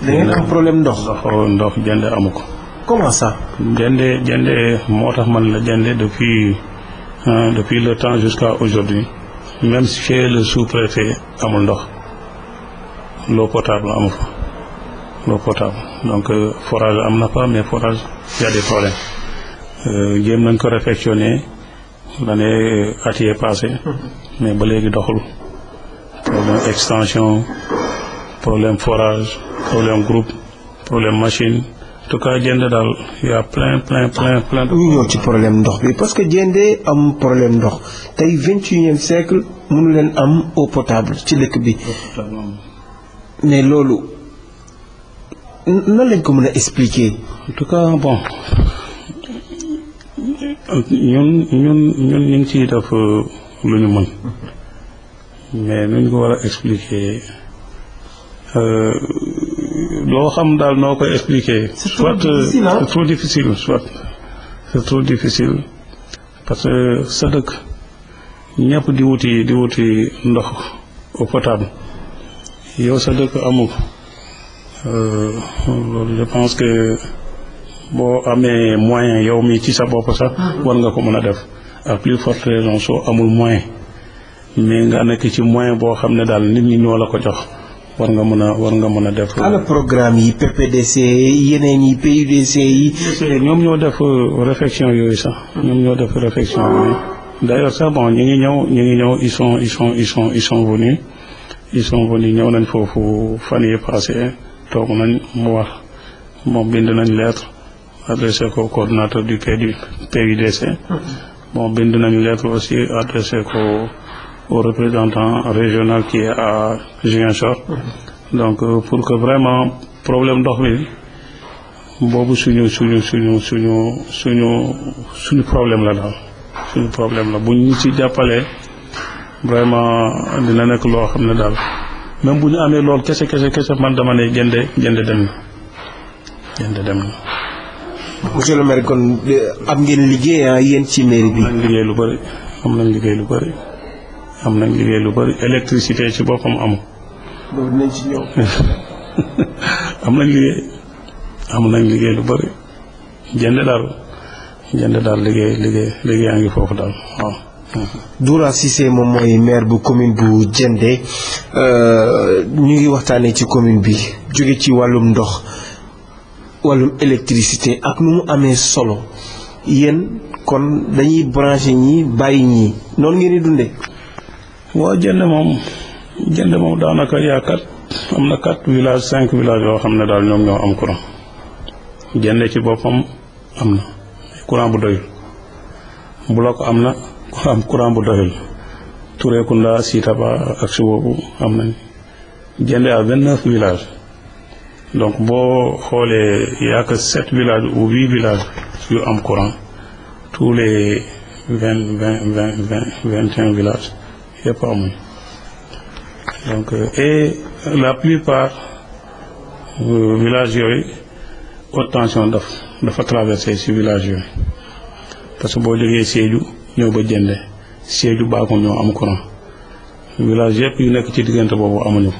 da ndox jënde amu comment ça. Diendé Diendé moo tax man la Diendé depuis hein, euh, depuis le temps jusqu'à aujourd'hui même chez le sous-préfet amul ndox loo potable amu fa l'eau donc euh, forage am na fa mais forage y a des problèmes euh, jéem nañ ko réfectionner l'année euh, at yee passé mais ba léegi doxul problème extension problème forage problème groupe problème machine tout cas Diendé daal y' a plein plein plein plein. ñu ñëw ci problème ndox bi parce que Diendé am problème ndox tey vingt et unième siècle mënu leen am eau potable ci lëkk bi. mais loolu nan lañ ko mën a expliquer. en tout cas bon ñun ñun ñun ñu ngi ciy def euh, lu ñu mën mais nuñ ko war a expliquer. Euh, loo xam daal noo koy expliquer. soit euh, c'est trop difficile soit c'est trop difficile parce que sa dëkk ñëpp di wuti di wuti ndox au potable yow sa dëkk amul euh, loolu je que boo amee moyen yow mi ci sa bopp sax ah. war nga ko mën a def à plus forte raison soo amul moyen mais nga nekk ci moyen boo xam ne daal nit ñi ñoo la ko jox war nga mën a war nga mën a def. ala euh, programme yi PPDC yeneen yi PUDC yi. ñoom ñoo def euh, réflexion yooyu sax. ñoom ñoo def réflexion yooyu. d'ailleurs sax bon ñu ngi ñëw ñu ngi ñëw ils sont ils sont ils sont ils sont venus ils sont venus ñëw nañ foofu fan yi passé toog nañ mu wax moom bind nañ lettre adressé ko coordonnateur du PUDC. bon bind nañ lettre aussi adressé ko. au représentant régional qui est à Ziguinchor donc euh, pour que vraiment problème ndox mi boobu suñu suñu suñu suñu suñu suñu problème la daal suñu problème la bu ñu ci jàppalee vraiment dina nekk loo xam ne daal même bu ñu amee loolu kese kese kese man dama ne jënde jënde dem na jënde dem na. monsieur le maire kon euh, am ngeen liggéey yéen ci mairie bi. am liggéey lu bëri xam nañ liggéey lu bëri. am nañ liggéey lu bari électricité ci boppam amul. loolu dinañ ci ñëw. am nañ liggéey liggéey lu bari jënd daal jënd daal liggéey liggéey liggéey foofu daal waaw. Doura moom mooy maire bu commune bu Diendé euh, ñu ngi waxtaanee ci commune bi jóge ci wàllum ndox wàllum électricité ak nu mu amee solo yéen kon dañuy branché ñi bàyyi ñii noonu ngeen di waa jënd moom jënd moom daanaka yaa kat am na quatre village cinq village yoo xam ne daal ñoom ñoo am courant jënd ci boppam am na courant bu doyul bloc am na am courant bu doyul Turekunda Sitaba ak si boobu am nañ jënd à vingt neuf villages donc boo xoolee yaa ka sept village ou huit villages yu am courant tous les vingt vingt vingt vingt vingt et yëpp amuñ donc et la plupart euh, village yooyu haute tension daf dafa traversé si village yooyu parce que boo jógee Sédhiou ñëw ba Diendé Sédhiou Bakun ñoo am courant village yëpp yu nekk ci diggante boobu amuñu ko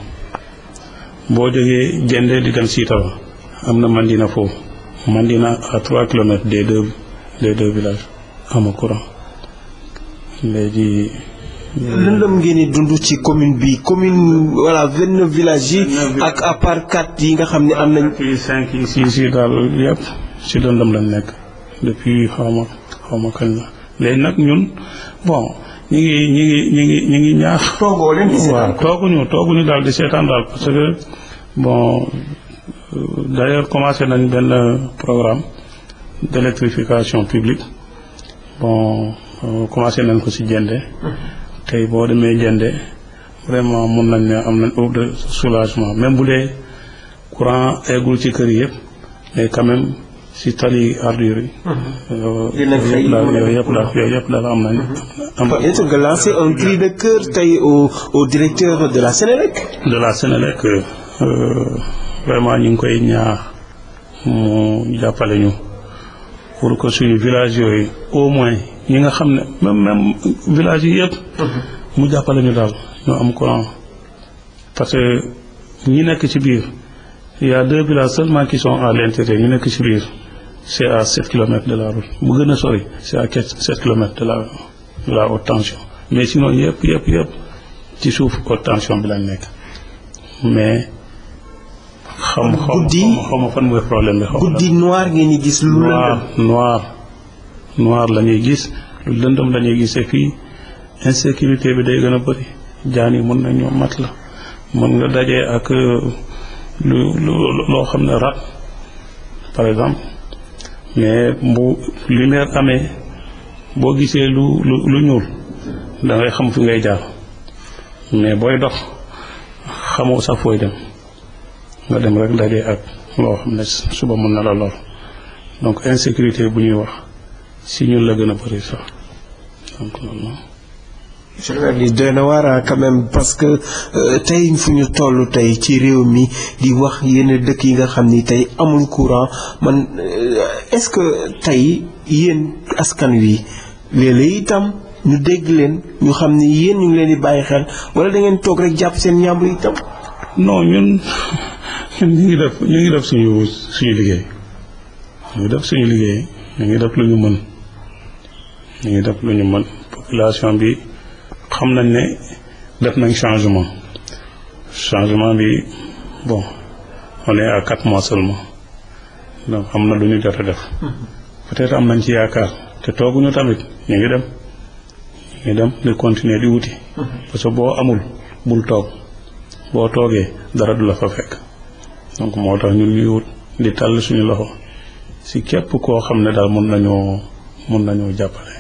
boo jógee Diendé di dem Siitawa am na man diina foofu Mandina à trois kilomètres des deux des deux villages amul courant léegi lëndëm ngeen ni dund ci commune bi commune voilà vingt neuf villages yi. ak à part quatre yi nga xam ne am nañ. depuis cinq yi six yi daal yëpp si lëndëm lañ nekk depuis xaw ma xaw ma kañ la léegi nag ñun bon ñu ngi ñu ngi ñu ngi ñu ngi ñaax. toogoo leen di seetaan daal di seetaan daal parce que bon d'ailleurs commencé nañ benn programme d'électrification publique bon euh, commencé nañ ko si jënde tey boo demee jënde vraiment mun nañ ne am nañ ëpp de soulagement même bu dee courant eggul ci kër yëpp mais quand même si tali ardure yi. Mm-hmm. Euh, dina fay yooyu yëpp daal yooyu yëpp daal am nañ. Mm-hmm. am nañ est-ce que lancer un cri de cœur tey au au directeur de la Sénélec. de la Sénélec euh, vraiment ñu ngi koy ñaax mu jàppale ñu pour que suñu village yooyu au moins. yi nga xam ne même même village yi yëpp. Mhm. mu jàppale ñu daal ñu am courant parce que ñi nekk ci biir y a deux villages seulement qui sont à l'intérieur ñu nekk ci biir c'est à sept kilomètres de la route bu gën a sori c'est à sept kilomètres de la de la haute tension mais sinon yëpp yëpp yëpp ci suuf haute tension bi lañ nekk mais. xam xaw ma fan mooy problème bi. guddi noir ngeen di gis. lu lëndëm noir la ñuy gis lu lëndëm la gisee fii insécurité bi day gën a bëri jaan yi mën nañoo mat la mën nga dajee ak euh, lu loo xam ne rat par exemple mais bu lumière amee boo gisee lu lu ñuul da ngay xam fi ngay jaar mais booy dox xamoo sax fooy dem nga dem rek daje ak loo xam ne suba mën na la lool donc insécurité bu ñuy wax si ñun la gën a bëri sax donc ah, parce que euh, tey fu ñu toll tey ci réew mi di wax yenn dëkk yi nga xam ni tey amul courant man euh, est-ce que tey yéen askan wi léeg-léeg itam ñu dégg leen ñu xam ni yéen ñu ngi leen di bàyyi xel wala da ngeen toog rek jàpp seen ñàmbur itam. noo ñun ñu ngi def suñu suñu liggéey ñu ngi def suñu liggéey ñu ngi def lu ñu mën. ñu ngi def lu ñu mën population bi xam nañ ne def nañ changement changement bi bon on est à quatre mois seulement donc am na lu ñu jot a être am nañ ci yaakaar te tooguñu tamit ñu ngi dem di continuer di wuti. parce que boo amul bul toog boo toogee dara du la fa fekk donc moo tax ñu ñuy wut di tàll suñu loxo si képp koo xam ne daal mun nañoo mun nañoo jàppale.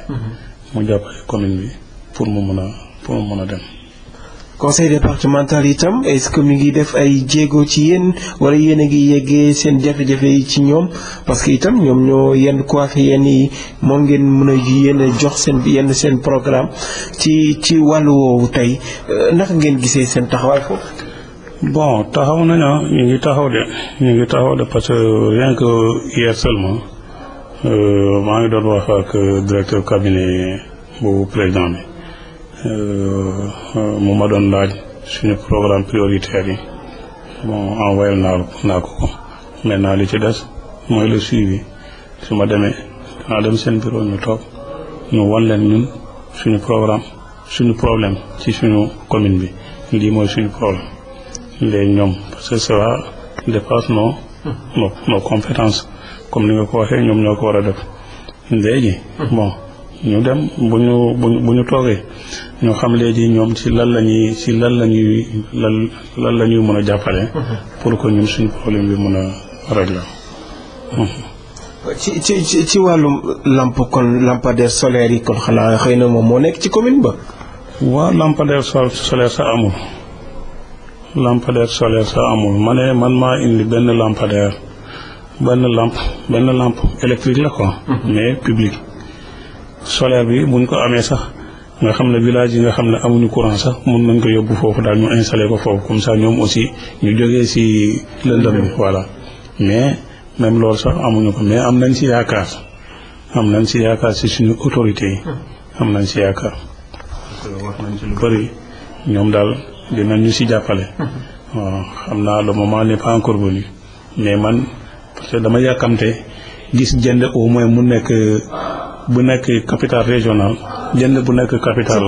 mu jàppale commune bi pour mu mun a pour mu mën a dem. conseil départemental itam est-ce que mi ngi def ay jéego ci yéen wala yéen a ngi yeggee seen jafe-jafe yi ci ñoom parce que itam ñoom ñoo yenn coiffé yenn yi moom ngeen mën a yéen a jox seen yenn seen programme ci ci wàll woowu tey euh, naka ngeen gisee seen taxawal foofu. bon taxaw nañu ñu ngi taxaw de ñu ngi taxaw de parce que rien que hier seulement. Euh, maa ngi doon wax ak euh, directeur cabinet bu président bi euh, mu ma doon laaj suñu programme prioritaire yi bon envoyé naa naa ko ko maintenant li ci des mooy le suivi su ma demee naa dem seen bureau ñu toog ñu wan leen ñun suñu programme suñu problème ci suñu commune bi lii mooy suñu problème léegi ñoom parce que cela dépasse nos nos compétences comme ni nga ko waxee ñoom ñoo ko war a def léegi bon ñu dem bu ñu bu ñu toogee ñoo xam léegi ñoom ci lan la ñuy ci lan la lan lan la ñuy mën a jàppale pour que ñun suñu problème bi mën a régler hmm. ci ci ci ci wàllum lamp kon lampadaire solaire yi kon xanaa xëy na moom moo nekk ci commune ba waaw lampadaire solaire sax amul lampadaire solaire sax amul ma man maa indi benn lampadaire benn lampe benn lampe électrique la quoi. Mhm. mais public solaire bi buñ ko amee sax nga xam ne village yi nga xam ne amuñu courant sax mun nañ ko yóbbu foofu daal ñu installé ko foofu comme sax ñoom aussi ñu jógee si lëndëm voilà mais même loolu sax amuñu ko mais am nañ si yaakaar am nañ si yaakaar si suñu autorités yi mhm. am nañ ci yaakaar lu bari ñoom daal dinañu si jàppale. Mhm. waaw xam naa le moment n'est pas encore venu mais man parce que dama yàkkamte gis jënd au moins mu nekk bu nekk capital régional jënd bu nekk capital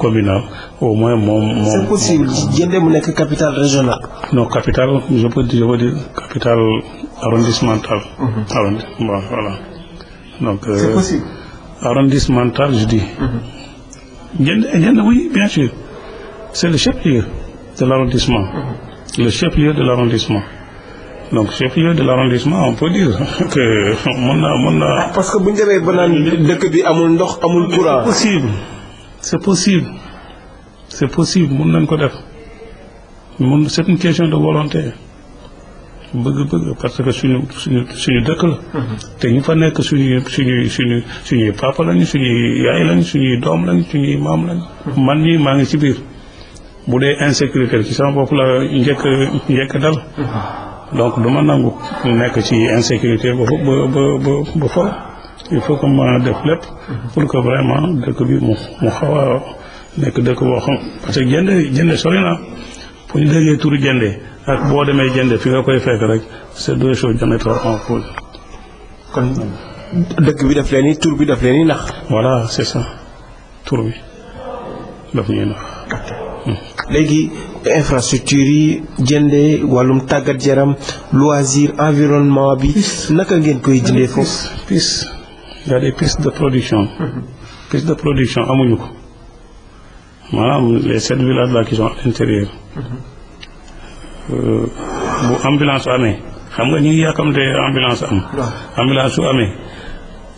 communal au moins moom moom. c'est possible jënd mu nekk capital régional. non capital je peux je peux dire capital arrondissemental. Mhm. arrondi bon voilà donc. Euh, c'est possible arrondissemental je dis. Mhm. jënd jënd oui bien sûr. c'est le chef-lieu de l'arrondissement. Mhm. le chef-lieu de l'arrondissement. donc chef-lieu de l'arrondissement on peut dire que mën naa mën naa. Ah, parce que bu ñu demee ba naan dëkk bi amul ndox amul courant. c'est possible c'est possible c'est possible mën nañ ko def mën c'est une question de volonté bëgg-bëgg parce que suñu suñu suñu dëkk la. Mhm. te ñu fa nekk suñuy suñuy suñuy suñuy papa lañu suñuy yaay lañu suñuy doom lañu suñuy maam lañu. Mhm. man ñii maa ngi ci biir. bu dee insécurité ci sama bopp la njëkk njëkk dal donc du ma nangu nekk ci insécurité ba ba ba ba fo il faut que ma def lépp pour que vraiment dëkk bi mu mu xaw nekk dëkk boo xam parce que jënd jënd sori na pour ñu déggee turu ak boo demee jënd fi nga koy fekk rek c'est deux choses remettre en cause kon dëkk bi def leen ni tur bi def leen ni nax. voilà c'est ça tur bi daf ñuy nax. léegi infrastructure yi jëndee wàllum tàggat jaram loisir environnement bi naka ngeen koy jëndee foofu. piste y de production. Mhm. piste de production amuñu ko maanaam les sept villages là qui sont à l'intérieur. Mhm. Euh, bu ambulance amee xam nga ni ngi yàkkamte ambulance am. ambulance su amee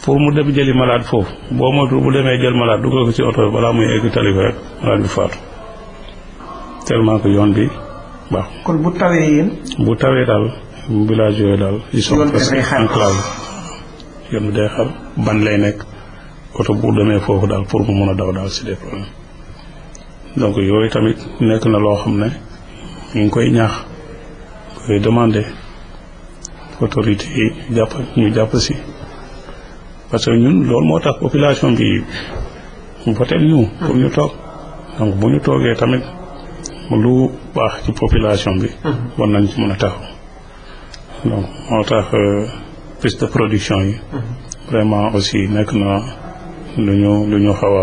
pour mu dem jëli malaad foofu boo moytu bu demee jël malade dugal ko si oto bi balaa muy egg tali rek malade bi faatu. tellement que yoon bi baaxul. kon bu tawee yi bu tawee daal billage yooyu daal. ils sont presque enclavé yoon bi day xar ban lay nekk oto bu demee foofu daal pour mu mën a daw daal si des problèmes donc yooyu tamit nekk na loo xam ne ñu ngi koy ñaax koy demander autorité yi jàpp ñu jàpp si parce que ñun loolu moo tax population bi votel ñu pour ñu toog donc bu ñu toogee tamit lu baax ci population bi. Mm-hmm. war nañ ci mën a tax donc moo tax euh, piste de production yi. Mm-hmm. vraiment aussi nekk na lu ñu lu ñu xaw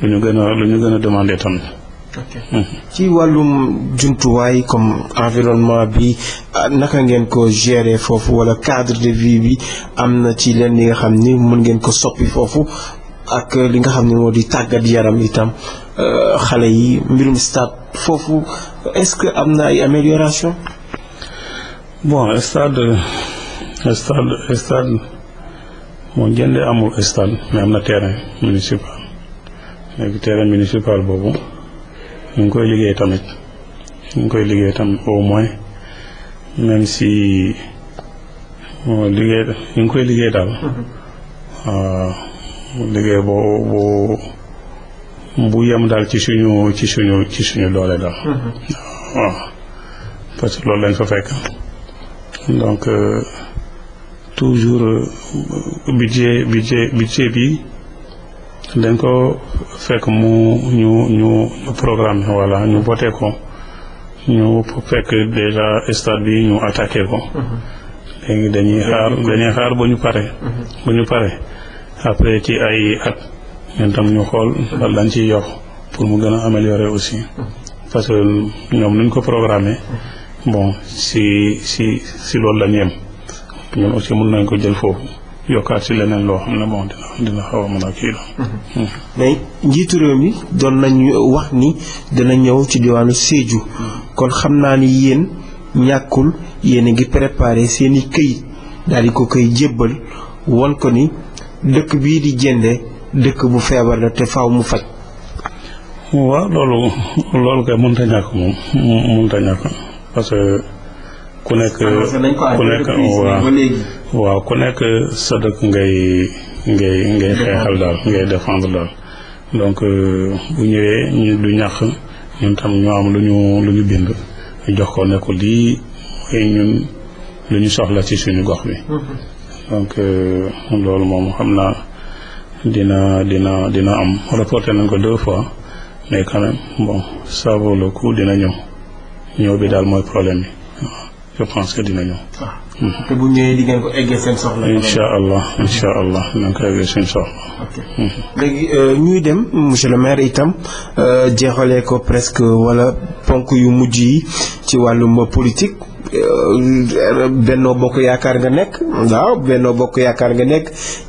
lu ñu gën a lu ñu gën a demandé tamit. Mm-hmm. ci wàllum jumtuwaay comme environnement bi ah, naka ngeen ko gérer foofu wala cadre de vie bi am na ci leen li nga xam ni mën ngeen ko soppi foofu ak li nga xam ne moo di tàggat yaram itam. Euh, xale yi mbirum stade foofu est-ce que am na ay amélioration bon stade stade stade moom jëndee amul stade mais am na terrain municipal léegi terrain municipal boobu ñu ngi koy liggéey tamit ñu ngi koy liggéey tamit au moins si moo liggéey ñu ngi koy liggéey daal waaw mhm. euh, liggéey boo boo bu yem daal ci suñu ci suñu ci suñu doole daal. Mhm. waaw parce que loolu lañ fa fekk donc euh, toujours euh, budget budget bi dañ ko fekk mu ñu ñu ñu programme wala ñu voté ko ñu fekk déjà stade bi ñu attaqué ko. Mhm. léegi dañuy xaar dañuy xaar ba ñu pare. Mhm. ba ñu pare après ci ay at. ñun tam ñu xool lan lañ ciy yokk pour mu gën a améliorer aussi parce que ñoom nuñ ko programmé bon si si si loolu la ñu yem ñun aussi mën nañ ko jël foofu yokkaat si leneen loo xam ne bon dina dina xaw a mën a kii la. Mm-hmm. mais njiitu réew mi doon nañu wax ni dina ñëw ci diwaanu Sédhiou kon xam naa ni yéen ñàkkul yéen a ngi préparé seeni këyit daal di ko koy jébbal won ko ni dëkk bii di jënde dëkk bu feebar la te faw mu faj. waaw loolu loolu kay mënut ñàkk moom mënut ñàkk parce que ku nekk. Ah, ku nekk waaw ku nekk sa dëkk ngay ngay ngay xeexal daal ngay défendre daal donc euh, bu ñëwee ñu du ñàkk ñun tam ñoo am lu ñu lu ñu bind jox ko ne ko lii ñun lu ñu soxla ci suñu gox bi. Mm-hmm. donc euh, loolu moom xam naa. dina dina dina am reporté nañ ko deux fois mais quand même bon ça le coup dina ñëw ñëw bi daal mooy problème bi waaw je pense que dina ñëw. Ah. Hmm. te bu ñëwee soxla. incha allah incha hmm. allah na nga ko eggee soxla. Hmm. Euh, ñuy dem monsieur le maire itam euh, jeexalee ko presque wala ponk yu mujj yi ci wàllum politique. Euh, euh, bennoo bokk yaakaar nga nekk waaw bennoo bokk yaakaar nga nekk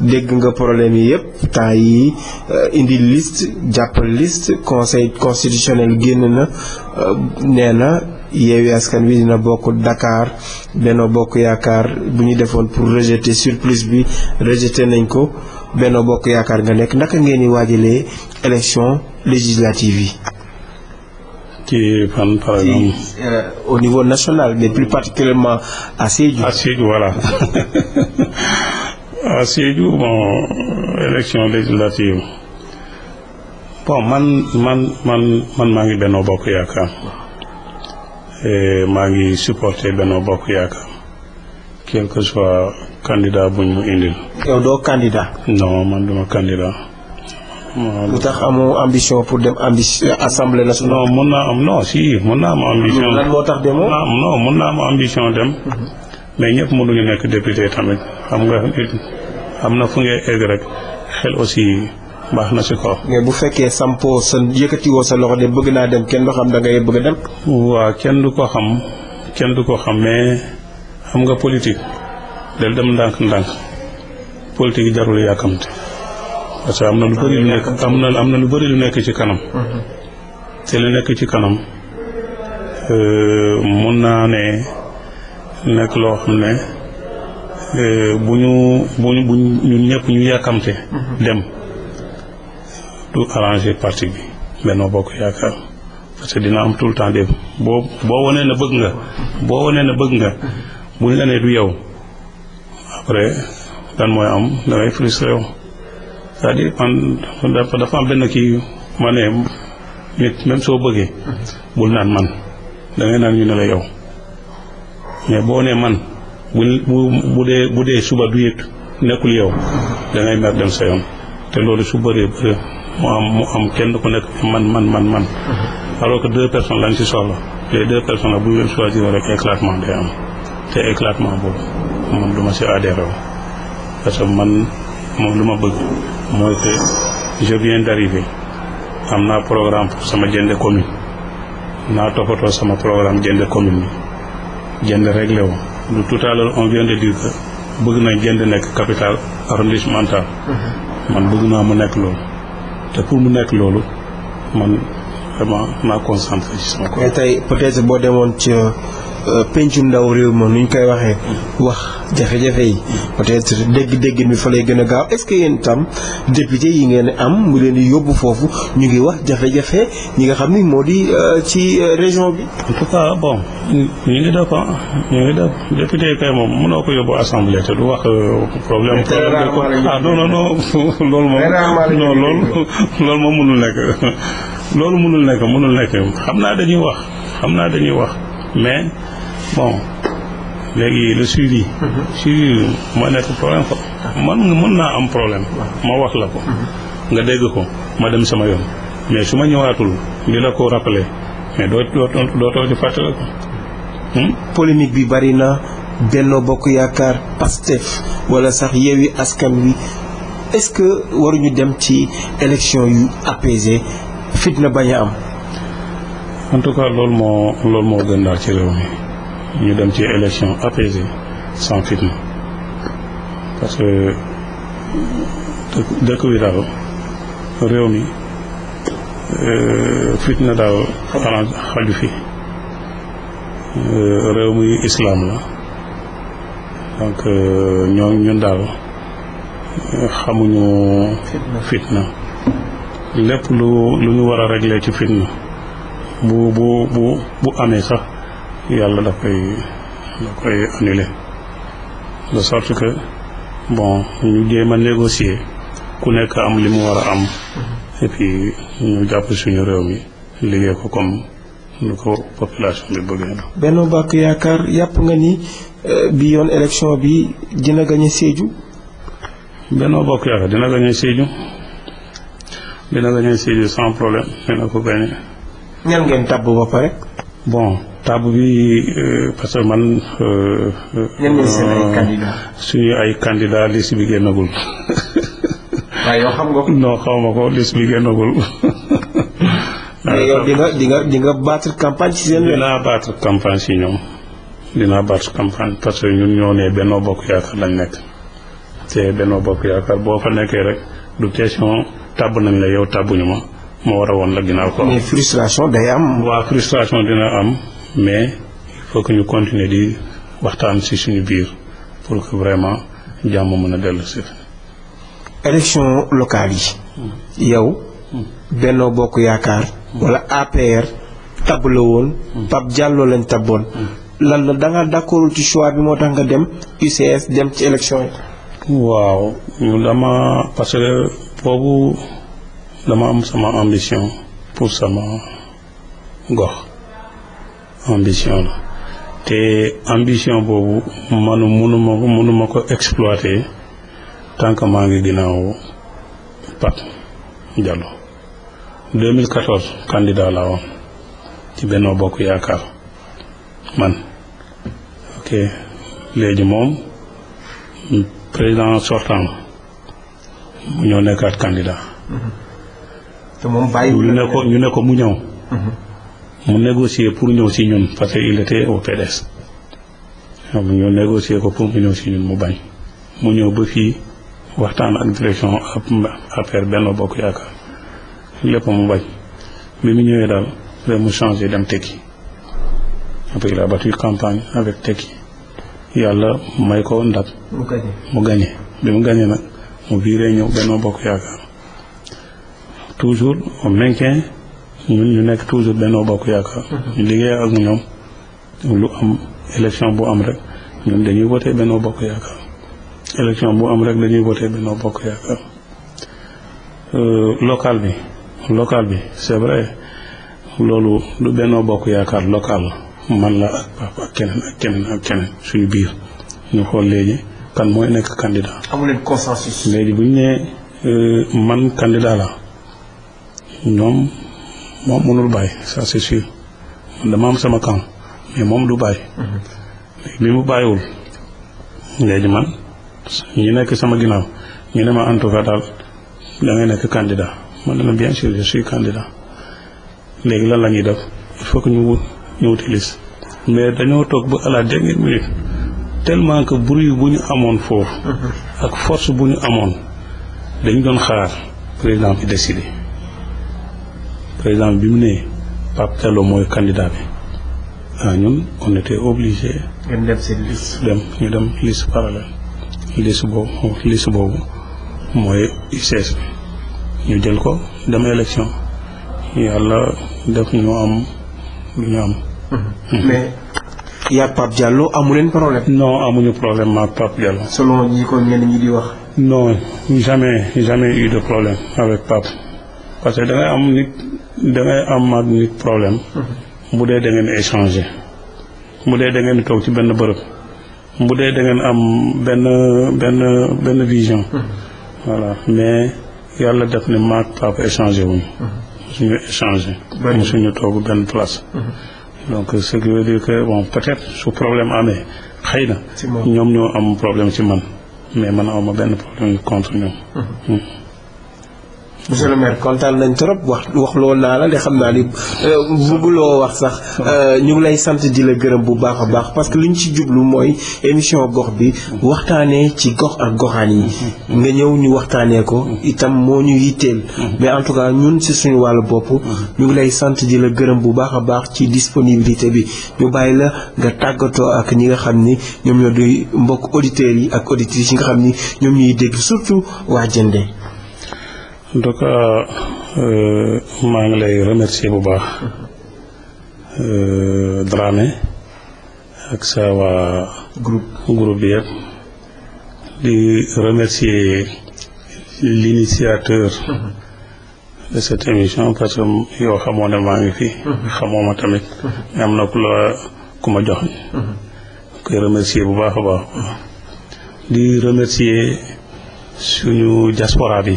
dégg nga problème yi yëpp temps yi euh, indi liste jàppal liste conseil constitutionnel génn na nee na yeewi askan wi dina bokk Dakar bennoo bokk yaakaar bu ñu defoon pour rejeter surplus bi rejeter nañ ko bennoo bokk yaakaar nga nekk naka ngeen di waajalee élection législative yi ci fan par exemple. Euh, niveau national mais plus particulièrement à Sédhiou. à Sédhiou voilà à Sédhiou bon élection législative bon man man man man maa ngi benn Bokk Yaakaar maa ngi supporter benn Bokk Yaakaar quel que soit candidat bu ñu indil. yow doo candidat. non man duma candidat. lu tax amoo ambition pour dem ambition euh, assemblée nationale. non mun naa am non si mun naa am ambition. lan moo tax demoo non mun naa am ambition dem. mais ñëpp mënuñu nekk député tamit xam nga am na fu ngay egg rek xel aussi. baax na si ko bu fekkee sampo sa yëkkatiwoo sa loxo de bëgg naa dem kenn du xam da ngay bëgg a dem. waaw kenn du ko xam kenn du ko xam mais xam nga politique del dem ndànk-ndànk politique jarul yàkkamte parce que am na lu bëri lu nekk am na am na lu lu nekk ci kanam. te lu nekk ci kanam euh, mun naa ne nekk loo xam ne euh, bu ñu bu ñu bu ñëpp ñu yàkkamte dem du arranger parti bi Benno Bokk Yaakaar parce que dina am tout le temps de boo boo wanee na bëgg nga boo wanee na bëgg nga bu ñu la nee du yow après dan mooy am dangay frustré c'est-à-dire man dafa am benn kii ma ne nit même soo bëggee bul naan man da ngay naan ñu ne la yow mais boo nee man bu bu dee bu dee suba du yëg nekkul yow da ngay mer dem sa yoon te loolu su bëree bëree mu am mu am kenn ku nekk man man man man alors ko deux personnes lañ si soxla les deux personnes la bu ñu leen choisir rek éclatement de am te éclatement boobu man du ma si adhéré parce que man moom lu ma bëgg mooy que je viens d'arriver am naa programme pour sama jënd commune naa toppatoo sama programme jënd commune bi jënd réglé wu lu tout à de dire bëgg nañ jënd nekk capital arrondissemental mhm. man bëgg naa mu nekk loolu te pour mu nekk loolu man vraiment naa concentré sama ko tey peut boo demoon ci euh, Euh, pencum ndaw réew ma nu ñu koy waxee wax jafe-jafe yi peut-être dégg-dégg bi fa lay gën a gaaw est-ce que yéen tam député yi ngeen am mu leen di yóbbu foofu ñu ngi wax jafe-jafe ñi nga xam ni moo di euh, ci euh, région bi. en tout cas bon ah, moom ko yóbbu assemblée te du wax problème. problème ah non non loolu moom. loolu loolu moom mënul nekk loolu mënul nekk mënul nekk xam naa dañuy wax xam naa dañuy wax mais. bon léegi le suivi. Mhm. suivi mooy nekk problème ko man mën naa am problème. ma wax la ko. Mhm. nga dégg ko ma dem sama yoon mais su ma ñëwaatul di la ko rappeler mais doo doo dootoo di fàttale ko. Hmm? polémique bi bari na Benno Bokk Yaakaar Pastef wala sax Yewwi Askan Wi est-ce que waruñu dem ci élection yu apaisé fitna bañ a am. en tout cas loolu moo loolu moo gën daal ci réew mi. ñu dem ci élection apaisée sans fitna parce que dëkk bi daal réew mi euh, fitna daal xanaa xaju fi euh, réew mi islaam la donc euh, ñoo ñun daal xamuñu fitna lépp lu lu ñu war a régler ci fitna bu bu bu bu amee sax yàlla dafay koy da koy annulé de sorte que bon ñu jéem a négocier ku nekk am li mu war a am et ñu jàpp suñu réew mi liggéey ko comme nu ko population bi bëggee na Benno Bokk Yaakaar yàpp nga ni euh, bi yoon élection bi dina gañe Sédhiou Benno Bokk Yaakaar dina gañe Sédhiou dina gañe Sédhiou sans problème dina ko gañe ñan ngeen tàbb ba pare bon table bi euh, parce que man. Euh, euh, suñu ay candidat liste bi génnagul. waaw yow xam nga ko. xaw ma ko liste bi génnagul. mais yow di nga di nga di nga battre campagne ci dinaa battre campagne ci ñoom dinaa battre campagne parce que ñun ñoo ne benn Bokk Yaakaar lañ nekk te Benno Bokk Yaakaar boo fa nekkee rek du question tàbb nañ la yow tàbbuñu ma. moo war a woon la ginnaaw ko am. waaw frustration dina am mais il faut que ñu continuer di waxtaan si suñu biir pour que vraiment jàmm mën a dellu si. élection locale yi. Hmm. yow. Hmm. Benno Bokk Yaakaar. Hmm. wala APR. tab la woon. Pape Diallo lañ taboon. lan la da nga d'accord moo tax nga dem UCS dem ci élection yi. waaw dama parce que boobu dama am sama ambition pour sama gox. ambition la te ambition boobu man mënuma ko mënuma ko exploiter tant que maa ngi ginnaaw Pat Diallo 2014 candidat woon ci Benno Bokk Yaakaar man léegi moom président sortant mu ñëw nekkaat candidat. Mm-hmm. ñu ne ko ñu ne ko mu ñëw. Mm-hmm. mu négocier pour ñëw si ñun parce que il était au mu xam ñu négocier ko pour mu ñëw si ñun mu bañ mu ñëw ba fii waxtaan ak direction affaire benn Bokk Yaakaar lépp mu bañ bi mu ñëwee daal après mu changé dem tekki après il bati battu campagne avec tekki yàlla may ko ndab mu gañe bi mu gagné nag mu viré ñëw Benno Bokk Yaakaar toujours au maintien ñun ñu nekk toujours Benno Bokk Yaakaar. Mhm. ñu liggéey ak ñoom lu am élection bu am rek ñun dañuy voté benn Bokk Yaakaar élection bu am rek dañuy voté Benno Bokk Yaakaar euh, local bi local bi c'est vrai loolu du Yaakaar local man la ak papa ak keneen ak keneen ak keneen suñu biir ñu xool léegi kan mooy nekk candidat. amu leen consensus. léegi bu ñu nee euh, man candidat la ñoom. moom mënul bàyyi ça c'est sûr dama am sama camp mais moom du bàyyi. bi mhm. mu bàyyiwul léegi man ñi nekk sama ginnaaw ñu ne ma en tout cas daal da nekk candidat man dana bien sûr je suis léegi lan lañuy def il faut que ñu ñu mais dañoo toog bu à la minute tellement que bruit bu ñu amoon foofu. Mhm. ak force bu ñu amoon dañ doon xaar président bi décider. président bi mu ne Pape Diallo mooy candidat bi ah ñun on était dem ñu dem liste parallèle liste boobu liste mooy ICS bi ñu jël ko dem élection yàlla def ñu am lu ñu am. Mhm. mais. yaa Pape Diallo amu leen problème. non amuñu problème ak Pape Diallo. selon ñi ko ñenn di wax. non jamais jamais eu de problème avec Pape parce que da am nit dangay am ak nit problème bu dee da ngeen échanger bu dee da ngeen toog ci benn bërëb bu dee da am benn benn benn vision voilà mais yàlla def ne maag papa échanger wuñu suñu échanger mu suñu toog benn place donc ce qui veut dire que bon peut-être su problème amee xëy na ñoom ñoo am problème si man mais man awma benn problème contre ñoom monsieur le kontaan nañ trop wax wax loo naa la li xam naa ni euh, bëgguloo wax sax euh, ñu ngi lay sant di la gërëm bu baax a baax parce que li ñu ci jublu mooy émission gox bi waxtaanee ci gox ak goxaan yi nga ñëw ñu waxtaanee ko itam moo ñu yitteel mais en ñun si suñu wàllu bopp ñu ngi lay sant di la gërëm bu baax a baax ci disponibilité bi ñu bàyyi la nga tàggatoo ak ñi nga xam ni ñoom ñoo duy mbokk auditeurs yi ak auditrices yi nga xam ni ñoom ñuy dégg surtout waa Diendé en euh, maa ngi lay remercier bu baax euh, Dramé ak sa waa groupe bi yëpp di remercier l'initiateur de cette émission parce que yow xamoo ne maa ngi fi. xamoo ma tamit am na ku la ku ma joxoon koy remercier bu baax a baax di remercier suñu diaspora bi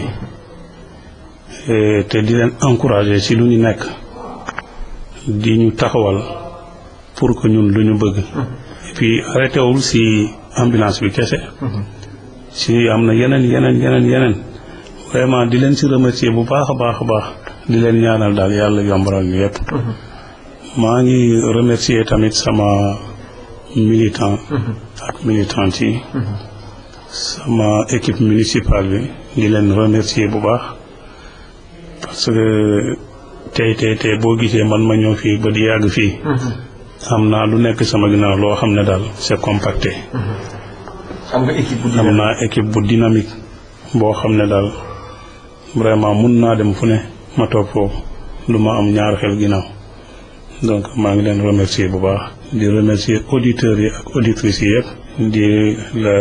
Eh, te di leen encourager si lu ñu nekk di ñu taxawal pour que ñun lu ñu bëgg mm-hmm. et puis arrêté wul ci ambulance bi kese mm-hmm. ci am na yeneen yeneen yeneen yeneen vraiment di leen si remercier bu baax a baax a baax di leen ñaanal daal yàlla yombalal ñu yépp mm-hmm. maa ngi remercier tamit sama militant ak militante sama équipe municipale bi di leen remercier bu baax parce que tey tey tey boo gisee man ma ñëw fii ba di yàgg fii. Mm-hmm. am naa lu nekk sama ginnaaw loo xam ne daal c'est compacté. Mm-hmm. am équipe bu dynamique naa équipe bu dynamique boo xam ne daal vraiment mun naa dem fu ne ma toog foofu lu ma am ñaar xel ginnaaw donc maa ngi leen remercier bu baax. di remercier auditeurs yi ak auditrices yi yëpp. di la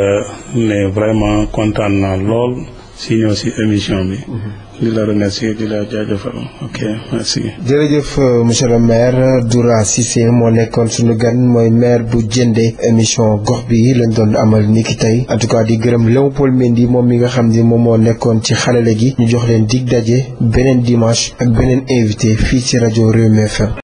ne vraiment kontaan naa lool. si si émission bi. Mhm. di la remercier di la jaajëfal ok merci. jërëjëf euh, monsieur le maire Doura Cissé moo nekkoon suñu gan mooy maire bu jëndee émission gox bi lañ doon amal niki tey en tout cas di gërëm Léopold Mendy moom mi nga xam ni moom moo nekkoon ci xarale gi ñu jox leen dig daje beneen dimanche ak beneen invité fii ci rajo Rewmi FM.